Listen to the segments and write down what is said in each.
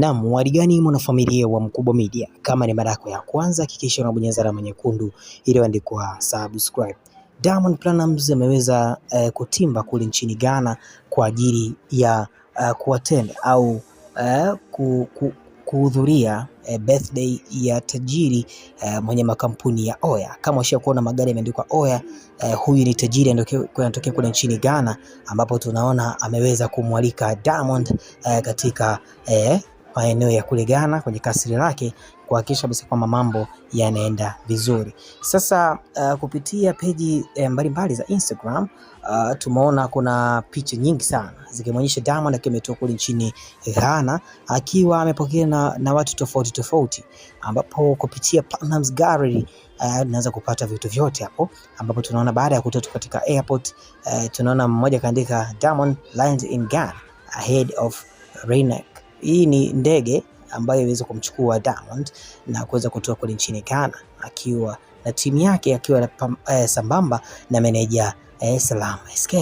Naam, warigani mwanafamilia wa Mkubwa Media, kama ni mara yako ya kwanza hakikisha unabonyeza alama nyekundu iliyoandikwa subscribe. Diamond Platnumz ameweza uh, kutimba kule nchini Ghana kwa ajili ya uh, kuattend au uh, ku, ku, kuhudhuria uh, birthday ya tajiri uh, mwenye makampuni ya Oya. Kama kuona magari yameandikwa Oya, uh, huyu ni tajiri anatokea kule nchini Ghana, ambapo tunaona ameweza kumwalika Diamond uh, katika uh, maeneo ya kule Ghana kwenye kasri lake kuhakikisha basi kwamba mambo yanaenda vizuri. Sasa uh, kupitia peji eh, mbalimbali za Instagram uh, tumeona kuna picha nyingi sana zikimwonyesha Diamond akiwa ametoka kule nchini Ghana akiwa amepokea na, na watu tofauti tofauti, ambapo kupitia Platinum's Gallery eh, tunaweza uh, kupata vitu vyote hapo, ambapo tunaona baada ya kutoka katika airport uh, tunaona mmoja kaandika Diamond lands in Ghana ahead of Rainer hii ni ndege ambayo iweza kumchukua Diamond na kuweza kutoka kule nchini Ghana akiwa na timu yake akiwa eh, sambamba na meneja eh, Salam SK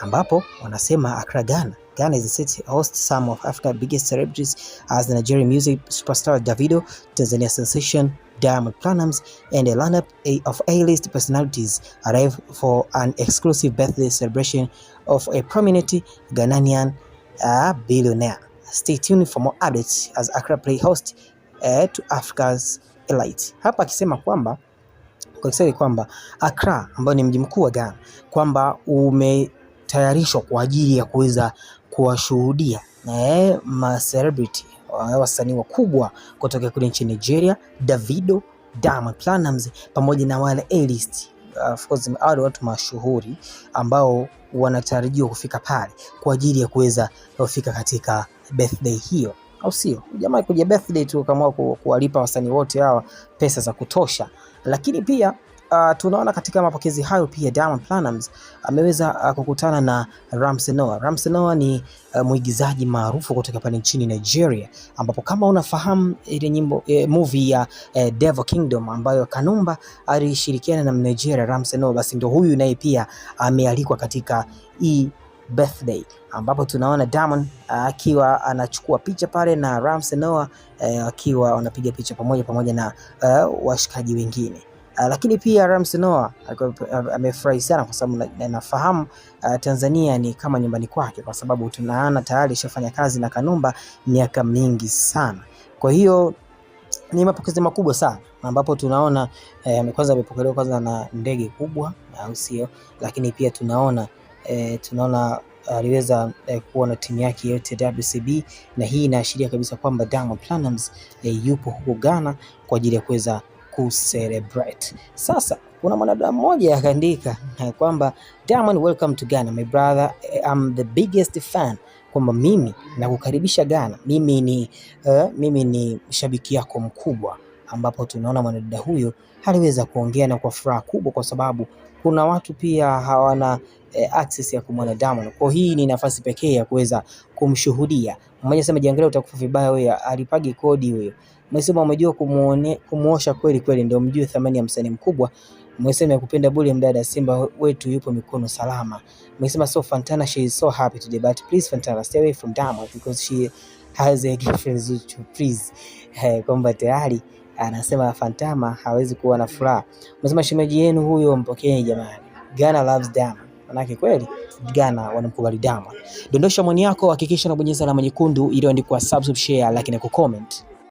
ambapo wanasema Accra, Ghana. Ghana is a city host some of Africa's biggest celebrities as the Nigerian music superstar Davido, Tanzania sensation Diamond Platnumz and a lineup eh, of A-list personalities arrive for an exclusive birthday celebration of a prominent Ghanaian uh, billionaire. Stay tuned for more updates as Accra play host eh, to Africa's elite. Hapa akisema kwamba kwa Kiswahili kwamba Accra ambayo ni mji mkuu wa Ghana kwamba umetayarishwa kwa ajili ya kuweza kuwashuhudia eh, ma celebrity eh, wasanii wakubwa kutoka kule nchini Nigeria, Davido, Diamond Platnumz pamoja na wale A-list of course wale watu mashuhuri ambao wanatarajiwa kufika pale kwa ajili ya kuweza kufika katika birthday hiyo, au sio? Jamaa kuja birthday tu kama kuwalipa wasanii wote hawa pesa za kutosha, lakini pia uh, tunaona katika mapokezi hayo pia Diamond Platnumz ameweza uh, kukutana na Ramsey Noah. Ramsey Noah ni uh, mwigizaji maarufu kutoka pale nchini Nigeria, ambapo kama unafahamu eh, ile nyimbo eh, movie ya eh, Devil Kingdom ambayo Kanumba alishirikiana na Nigeria Ramsey Noah, basi ndio huyu naye pia amealikwa katika hii e birthday ambapo tunaona Diamond akiwa uh, anachukua picha pale na Ramsey Noah eh, akiwa uh, wanapiga picha pamoja pamoja na uh, washikaji wengine. Uh, lakini pia Rams Noah ah, amefurahi sana kwa sababu nafahamu uh, Tanzania ni kama nyumbani kwake, kwa sababu tunaana tayari ishafanya kazi na Kanumba miaka mingi sana. Kwa hiyo ni mapokezi makubwa sana ambapo tunaona eh, kwanza amepokelewa kwanza na ndege kubwa, au sio? Lakini pia tunaona eh, tunaona aliweza eh, kuwa na timu yake yote WCB, na hii inaashiria kabisa kwamba Diamond Platnumz eh, yupo huko Ghana kwa ajili ya kuweza kucelebrate. Sasa kuna mwanadamu mmoja akaandika eh, kwamba Diamond, welcome to Ghana my brother, eh, I'm the biggest fan, kwamba mimi nakukaribisha Ghana, mimi ni uh, mimi ni shabiki yako mkubwa, ambapo tunaona mwanadada huyo aliweza kuongea na kwa furaha kubwa, kwa sababu kuna watu pia hawana eh, access ya kumwona Diamond. Kwa hii ni nafasi pekee ya kuweza kumshuhudia. Mmoja sema, jiangalie utakufa vibaya wewe, alipagi kodi huyo. Mwesema umejua kumuosha kweli kweli, ndio mjue thamani ya msanii mkubwa. Mwesema yakupenda bure, mdada Simba wetu yupo mikono salama. Mwesema so Fantana, she is so happy today but please Fantana stay away from Diamond because she has a girlfriend Zuchu please. Hey, eh, kwamba tayari anasema Fantana hawezi kuwa na furaha. Mwesema shemeji yenu huyo mpokeeni jamani. Ghana loves Diamond. Manake kweli Ghana wanamkubali Diamond. Dondosha maoni yako, hakikisha unabonyeza alama nyekundu iliyoandikwa subscribe, share, like na kucomment.